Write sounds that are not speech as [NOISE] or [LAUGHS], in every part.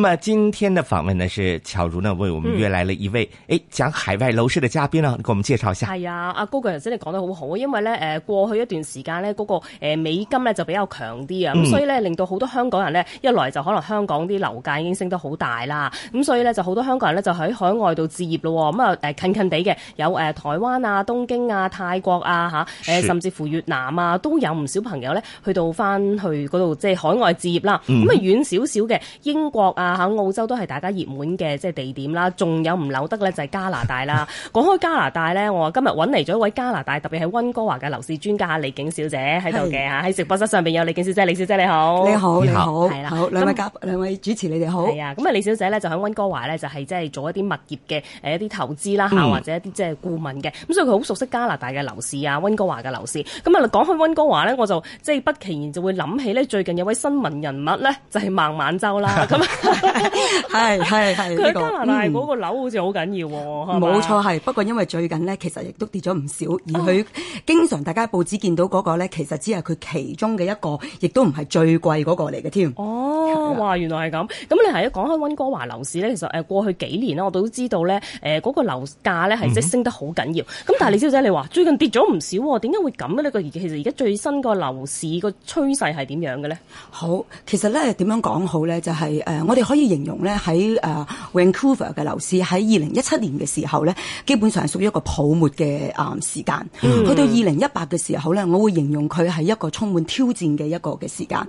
那麼今天的訪問呢，是巧如呢為我們約來了一位、嗯，誒，講海外樓市的嘉賓呢，給我們介紹一下。係啊，阿高個人真係講得好好啊，因為呢，誒、呃，過去一段時間呢，嗰、那個誒、呃、美金呢就比較強啲啊，咁、嗯、所以呢，令到好多香港人呢，一來就可能香港啲樓價已經升得好大啦，咁所以呢，就好多香港人呢，就喺海外度置業咯、哦，咁啊誒近近地嘅有誒、呃、台灣啊、東京啊、泰國啊吓，誒、啊、甚至乎越南啊都有唔少朋友呢，去到翻去嗰度即係海外置業啦，咁啊遠少少嘅英國啊。嗯澳洲都係大家熱門嘅即係地點啦，仲有唔留得嘅咧就係加拿大啦。講 [LAUGHS] 開加拿大咧，我今日揾嚟咗一位加拿大，特別係溫哥華嘅樓市專家李璟小姐喺度嘅嚇。喺直播室上邊有李璟小姐，李小姐你好。你好，你好，係啦，兩位夾，兩位主持你哋好。係啊，咁啊李小姐咧就喺溫哥華咧就係即係做一啲物業嘅誒一啲投資啦嚇、嗯，或者一啲即係顧問嘅。咁所以佢好熟悉加拿大嘅樓市啊，溫哥華嘅樓市。咁啊講開溫哥華咧，我就即係不其然就會諗起咧最近有位新聞人物咧就係孟晚舟啦咁。 [LAUGHS] [LAUGHS] 係係係，佢加拿大嗰個樓好似好緊要喎。冇錯係，不過因為最近咧，其實亦都跌咗唔少。哦、而佢經常大家報紙見到嗰個咧，其實只係佢其中嘅一個，亦都唔係最貴嗰、嗰個嚟嘅添。哦，哇，原來係咁。咁你係一講開溫哥華樓市咧，其實誒過去幾年咧，我都知道咧，誒嗰個樓價咧係即升得好緊要。咁、嗯、但係李小姐，你話最近跌咗唔少，點解會咁咧？個而其實而家最新個樓市個趨勢係點樣嘅咧？好，其實咧點樣講好咧，就係誒我。呃你可以形容咧喺、呃、Vancouver 嘅樓市喺二零一七年嘅時候咧，基本上係屬於一個泡沫嘅誒、呃、時間。Mm. 去到二零一八嘅時候咧，我會形容佢係一個充滿挑戰嘅一個嘅時間。咁、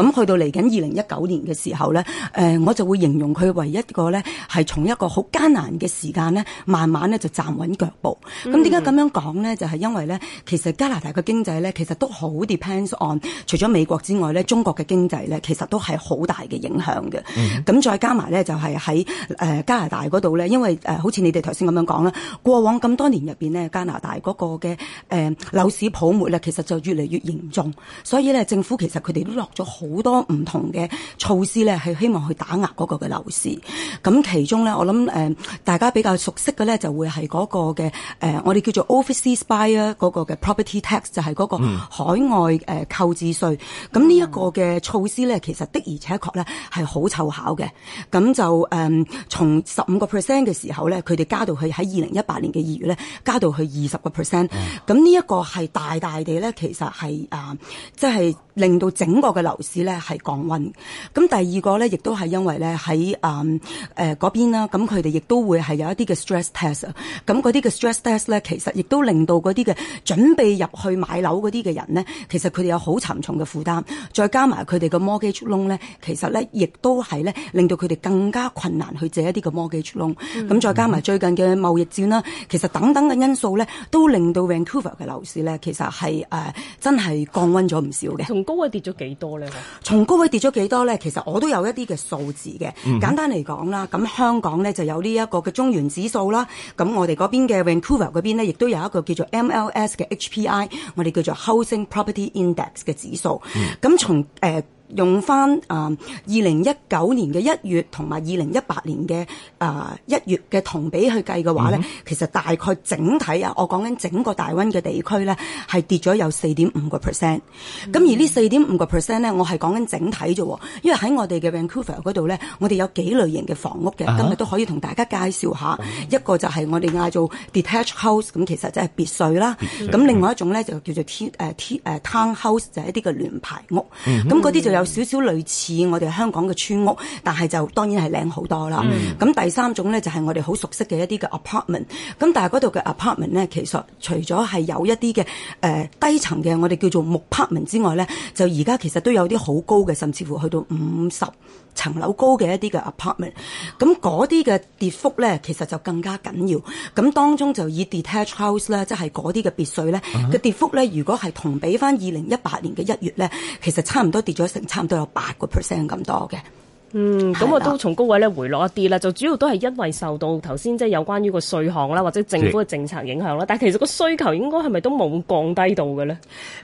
mm. 去到嚟緊二零一九年嘅時候咧，誒、呃、我就會形容佢為一個咧係從一個好艱難嘅時間咧，慢慢咧就站穩腳步。咁點解咁樣講咧？就係、是、因為咧，其實加拿大嘅經濟咧，其實都好 depends on 除咗美國之外咧，中國嘅經濟咧，其實都係好大嘅影響嘅。Mm. 咁再加埋咧，就係喺加拿大嗰度咧，因為誒好似你哋頭先咁樣講啦，過往咁多年入邊咧，加拿大嗰、呃、個嘅誒、呃、樓市泡沫咧，其實就越嚟越嚴重，所以咧政府其實佢哋都落咗好多唔同嘅措施咧，係希望去打壓嗰個嘅樓市。咁其中咧，我諗誒、呃、大家比較熟悉嘅咧，就會係嗰個嘅誒、呃、我哋叫做 Office Buyer 嗰個嘅 Property Tax，就係嗰個海外誒購置稅。咁呢一個嘅措施咧，其實的而且確咧係好湊合。嘅咁就誒、嗯，從十五個 percent 嘅時候咧，佢哋加到去喺二零一八年嘅二月咧，加到去二十、嗯、個 percent。咁呢一個係大大地咧，其實係啊，即、呃、係、即係、令到整個嘅樓市咧係降溫。咁第二個咧，亦都係因為咧喺誒誒嗰邊啦，咁佢哋亦都會係有一啲嘅 stress test。咁嗰啲嘅 stress test 咧，其實亦都令到嗰啲嘅準備入去買樓嗰啲嘅人咧，其實佢哋有好沉重嘅負擔，再加埋佢哋嘅 mortgage loan 咧，其實咧亦都係。咧。令到佢哋更加困難去借一啲嘅 mortgage loan，咁、嗯、再加埋最近嘅貿易戰啦、嗯，其實等等嘅因素咧，都令到 Vancouver 嘅樓市咧，其實係誒、呃、真係降溫咗唔少嘅。從高位跌咗幾多咧？從高位跌咗幾多咧？其實我都有一啲嘅數字嘅、嗯。簡單嚟講啦，咁香港咧就有呢一個嘅中原指數啦，咁我哋嗰邊嘅 Vancouver 嗰邊咧，亦都有一個叫做 MLS 嘅 HPI，我哋叫做 Housing Property Index 嘅指數。咁、嗯、從誒。呃用翻啊二零一九年嘅一月同埋二零一八年嘅啊一月嘅同比去計嘅話咧、嗯，其實大概整體啊，我講緊整個大溫嘅地區咧，係跌咗有四點五個 percent。咁、嗯、而呢四點五個 percent 咧，我係講緊整體啫，因為喺我哋嘅 Vancouver 嗰度咧，我哋有幾類型嘅房屋嘅、啊，今日都可以同大家介紹下、嗯。一個就係我哋嗌做 detached house，咁其實就係別墅啦。咁、嗯、另外一種咧就叫做 t、uh, t、uh, town house，就係一啲嘅聯排屋。咁嗰啲就有。有少少類似我哋香港嘅村屋，但係就當然係靚好多啦。咁、mm. 第三種呢，就係、是、我哋好熟悉嘅一啲嘅 apartment。咁但係嗰度嘅 apartment 呢，其實除咗係有一啲嘅誒低層嘅我哋叫做木 partment 之外呢，就而家其實都有啲好高嘅，甚至乎去到五十層樓高嘅一啲嘅 apartment，咁嗰啲嘅跌幅咧，其實就更加緊要。咁當中就以 detached house 咧，即係嗰啲嘅別墅咧嘅、uh-huh. 跌幅咧，如果係同比翻二零一八年嘅一月咧，其實差唔多跌咗成差唔多有八個 percent 咁多嘅。嗯，咁我都從高位咧回落一啲啦，就主要都係因為受到頭先即係有關於個稅項啦，或者政府嘅政策影響啦。但係其實個需求應該係咪都冇降低到嘅咧？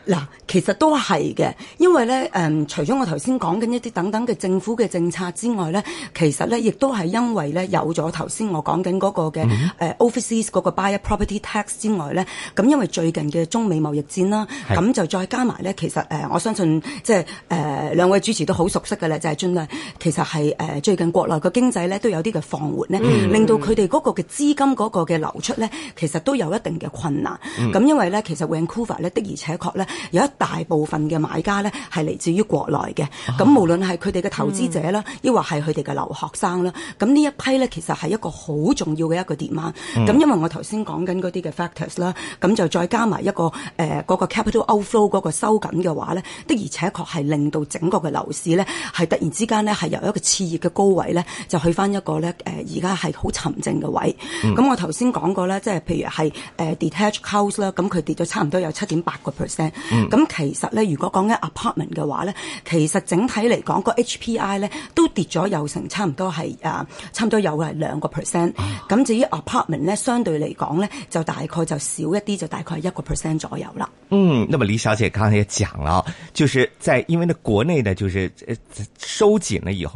嗱，其實都係嘅，因為咧誒、嗯，除咗我頭先講緊一啲等等嘅政府嘅政策之外咧，其實咧亦都係因為咧有咗頭先我講緊嗰個嘅誒、嗯 uh, offices 嗰個 buy a property tax 之外咧，咁因為最近嘅中美貿易戰啦，咁就再加埋咧，其實誒、呃、我相信即係誒、呃、兩位主持都好熟悉嘅咧，就係儘量其實。就係誒最近國內嘅經濟咧都有啲嘅放緩咧，令到佢哋嗰個嘅資金嗰個嘅流出咧，其實都有一定嘅困難。咁因為咧，其實 Vancouver 咧的而且確咧有一大部分嘅買家咧係嚟自於國內嘅。咁、啊、無論係佢哋嘅投資者啦，抑或係佢哋嘅留學生啦，咁呢一批咧其實係一個好重要嘅一個 demand。咁因為我頭先講緊嗰啲嘅 factors 啦，咁就再加埋一個誒嗰、呃那個 capital outflow 嗰個收緊嘅話咧，的而且確係令到整個嘅樓市咧係突然之間咧係由一個熾熱嘅高位咧，就去翻一個咧誒而家係好沉靜嘅位。咁、嗯、我頭先講過咧，即係譬如係誒、呃、detached house 啦，咁佢跌咗差唔多有七點八個 percent。咁、嗯、其實咧，如果講緊 apartment 嘅話咧，其實整體嚟講個 HPI 咧都跌咗有成差唔多係誒、啊、差唔多有係兩個 percent。咁、啊、至於 apartment 咧，相對嚟講咧，就大概就少一啲，就大概係一個 percent 左右啦。嗯，那麼李小姐剛才也講啦，就是在因為呢國內呢就是收緊了以後。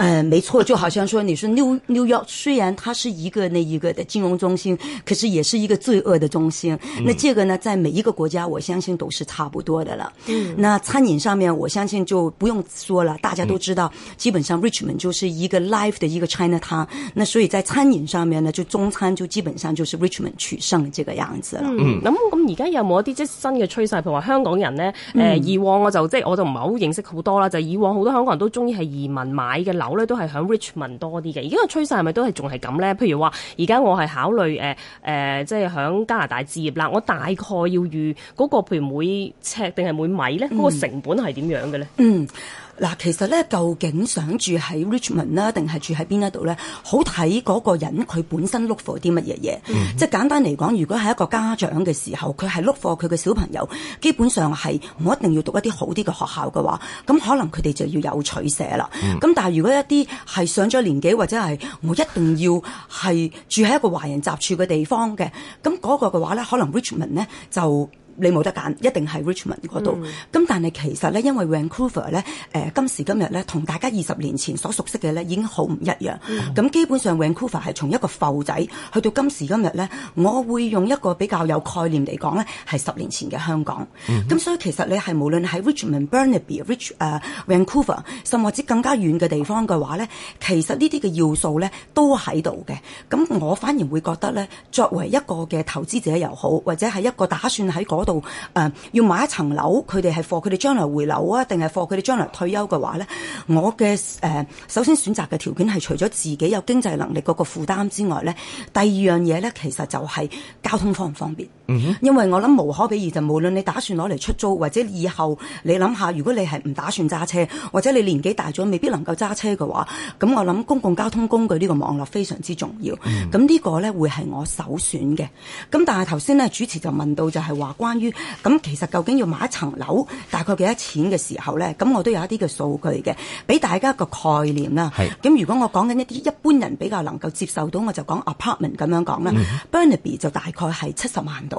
嗯，沒錯，就好像說，你說 New New York 雖然它是一個那一個的金融中心，可是也是一個罪惡的中心，嗯。那這個呢，在每一個國家，我相信都是差不多的了。嗯，那餐飲上面，我相信就不用說了，大家都知道，嗯、基本上 Richmond 就是一個 life 的一個 Chinatown。那所以在餐飲上面呢，就中餐就基本上就是 Richmond 取勝的這個樣子了。嗯，咁咁，而家有冇一啲即係新嘅趨勢？譬如話香港人咧，誒、呃，以往我就即係我就唔係好認識好多啦，就以往好多香港人都中意係移民買嘅。樓咧都係喺 Richmond 多啲嘅，而家個趨勢係咪都係仲係咁咧？譬如話，而家我係考慮誒誒、呃呃，即係喺加拿大置業啦，我大概要預嗰個譬如每尺定係每米咧，嗰個成本係點樣嘅咧？嗯。嗯。嗱，其實咧，究竟想住喺 Richmond 啦，定係住喺邊一度咧？好睇嗰個人佢本身 look for 啲乜嘢嘢。Mm -hmm. 即係簡單嚟講，如果係一個家長嘅時候，佢係 look for 佢嘅小朋友，基本上係唔一定要讀一啲好啲嘅學校嘅話，咁可能佢哋就要有取捨啦。咁、mm -hmm. 但係如果一啲係上咗年紀或者係我一定要係住喺一個華人雜處嘅地方嘅，咁嗰個嘅話咧，可能 Richmond 咧就。你冇得揀，一定係 Richmond 嗰度。咁、嗯、但係其實咧，因為 Vancouver 咧，誒、呃、今時今日咧，同大家二十年前所熟悉嘅咧，已經好唔一樣。咁、嗯、基本上 Vancouver 係從一個埠仔去到今時今日咧，我會用一個比較有概念嚟講咧，係十年前嘅香港。咁、嗯、所以其實你係無論喺 Richmond Burnaby, Rich,、呃、Burnaby、Rich Vancouver 甚或者更加遠嘅地方嘅話咧，其實呢啲嘅要素咧都喺度嘅。咁我反而會覺得咧，作為一個嘅投資者又好，或者係一個打算喺度誒、呃、要買一層樓，佢哋係貨，佢哋將來回流啊，定係貨，佢哋將來退休嘅話呢，我嘅誒、呃、首先選擇嘅條件係除咗自己有經濟能力嗰個負擔之外呢，第二樣嘢呢，其實就係交通方唔方便。Mm -hmm. 因為我諗無可比擬，就無論你打算攞嚟出租，或者以後你諗下，如果你係唔打算揸車，或者你年紀大咗未必能夠揸車嘅話，咁我諗公共交通工具呢個網絡非常之重要。嗯，咁呢個呢會係我首選嘅。咁但係頭先呢，主持就問到就係話關。關於咁其實究竟要買一層樓大概幾多錢嘅時候咧？咁我都有一啲嘅數據嘅，俾大家一個概念啦。咁如果我講緊一啲一般人比較能夠接受到，我就講 apartment 咁樣講啦。Burnaby 就大概係七十萬到，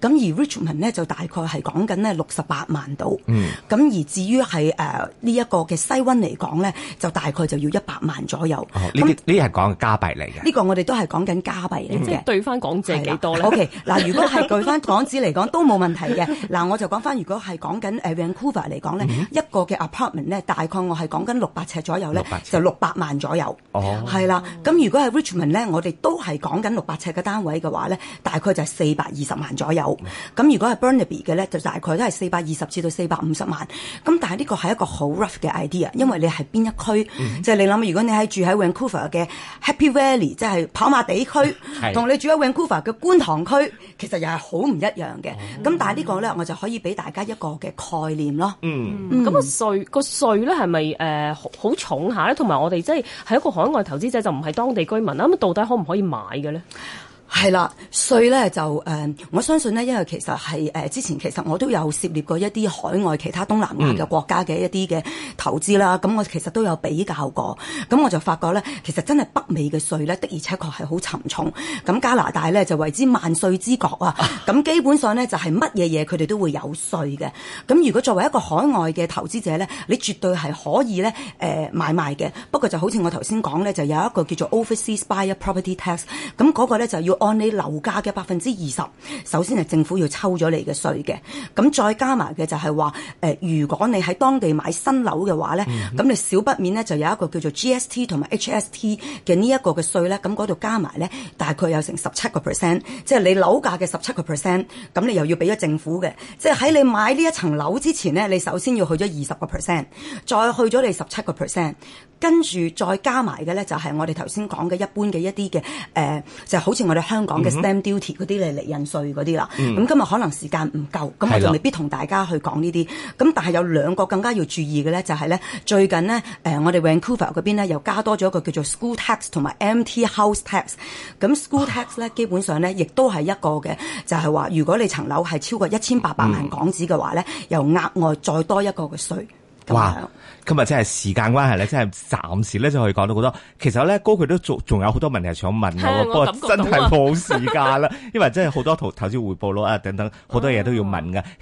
咁而 Richmond 咧就大概係講緊咧六十八萬到。咁、嗯、而至於係呢一個嘅西溫嚟講咧，就大概就要一百萬左右。呢啲呢啲係講加幣嚟嘅。嗯、呢個我哋都係講緊加幣嘅，即係對翻港紙幾多咧？OK，嗱，如果係對翻港紙嚟講 [LAUGHS] [LAUGHS] 都冇問題嘅嗱，我就講翻，如果係、呃、講緊 Vancouver 嚟講咧，mm -hmm. 一個嘅 apartment 咧，大概我係講緊六百尺左右咧，就六百萬左右，係、oh. 啦。咁如果係 Richmond 咧，我哋都係講緊六百尺嘅單位嘅話咧，大概就係四百二十萬左右。咁、mm -hmm. 如果係 Burnaby 嘅咧，就大概都係四百二十至到四百五十萬。咁但係呢個係一個好 rough 嘅 idea，因為你係邊一區，mm -hmm. 就係你諗，如果你喺住喺 Vancouver 嘅 Happy Valley，即係跑馬地區，同 [LAUGHS] 你住喺 Vancouver 嘅觀塘區，其實又係好唔一樣嘅。Oh. 咁但係呢個咧，我就可以俾大家一個嘅概念咯、嗯嗯。嗯，咁個稅個稅咧係咪好重下、啊、咧？同埋我哋即係係一個海外投資者就唔係當地居民啦。咁到底可唔可以買嘅咧？係啦，稅咧就誒、呃，我相信咧，因為其實係誒、呃、之前其實我都有涉獵過一啲海外其他東南亞嘅國家嘅一啲嘅投資啦。咁、嗯、我其實都有比較過，咁我就發覺咧，其實真係北美嘅稅咧的而且確係好沉重。咁加拿大咧就為之萬稅之國啊。咁基本上咧就係乜嘢嘢佢哋都會有稅嘅。咁如果作為一個海外嘅投資者咧，你絕對係可以咧誒、呃、買賣嘅。不過就好似我頭先講咧，就有一個叫做 Overseas Buyer Property Tax，咁嗰個咧就要。按你樓價嘅百分之二十，首先係政府要抽咗你嘅稅嘅，咁再加埋嘅就係話、呃，如果你喺當地買新樓嘅話咧，咁、嗯、你少不免咧就有一個叫做 GST 同埋 HST 嘅呢一個嘅稅咧，咁嗰度加埋咧大概有成十七個 percent，即係你樓價嘅十七個 percent，咁你又要俾咗政府嘅，即係喺你買呢一層樓之前咧，你首先要去咗二十個 percent，再去咗你十七個 percent。跟住再加埋嘅咧，就係我哋頭先講嘅一般嘅一啲嘅誒，就好似我哋香港嘅 stamp duty 嗰啲嚟嚟印稅嗰啲啦。咁、mm -hmm. 今日可能時間唔夠，咁我就未必同大家去講呢啲。咁但係有兩個更加要注意嘅咧、就是，就係咧最近咧、呃、我哋 Vancouver 嗰邊咧又加多咗一個叫做 school tax 同埋 mt house tax。咁 school tax 咧、oh. 基本上咧，亦都係一個嘅，就係、是、話如果你層樓係超過一千八百萬港紙嘅話咧，又、mm、額 -hmm. 外再多一個嘅稅。哇！今日真係時間關係咧，真係暫時咧就可以講到好多。其實咧，哥佢都仲仲有好多問題係想問我，不過真係冇時間啦。 [LAUGHS] 因為真係好多投資回報咯啊，等等好多嘢都要問噶。嗯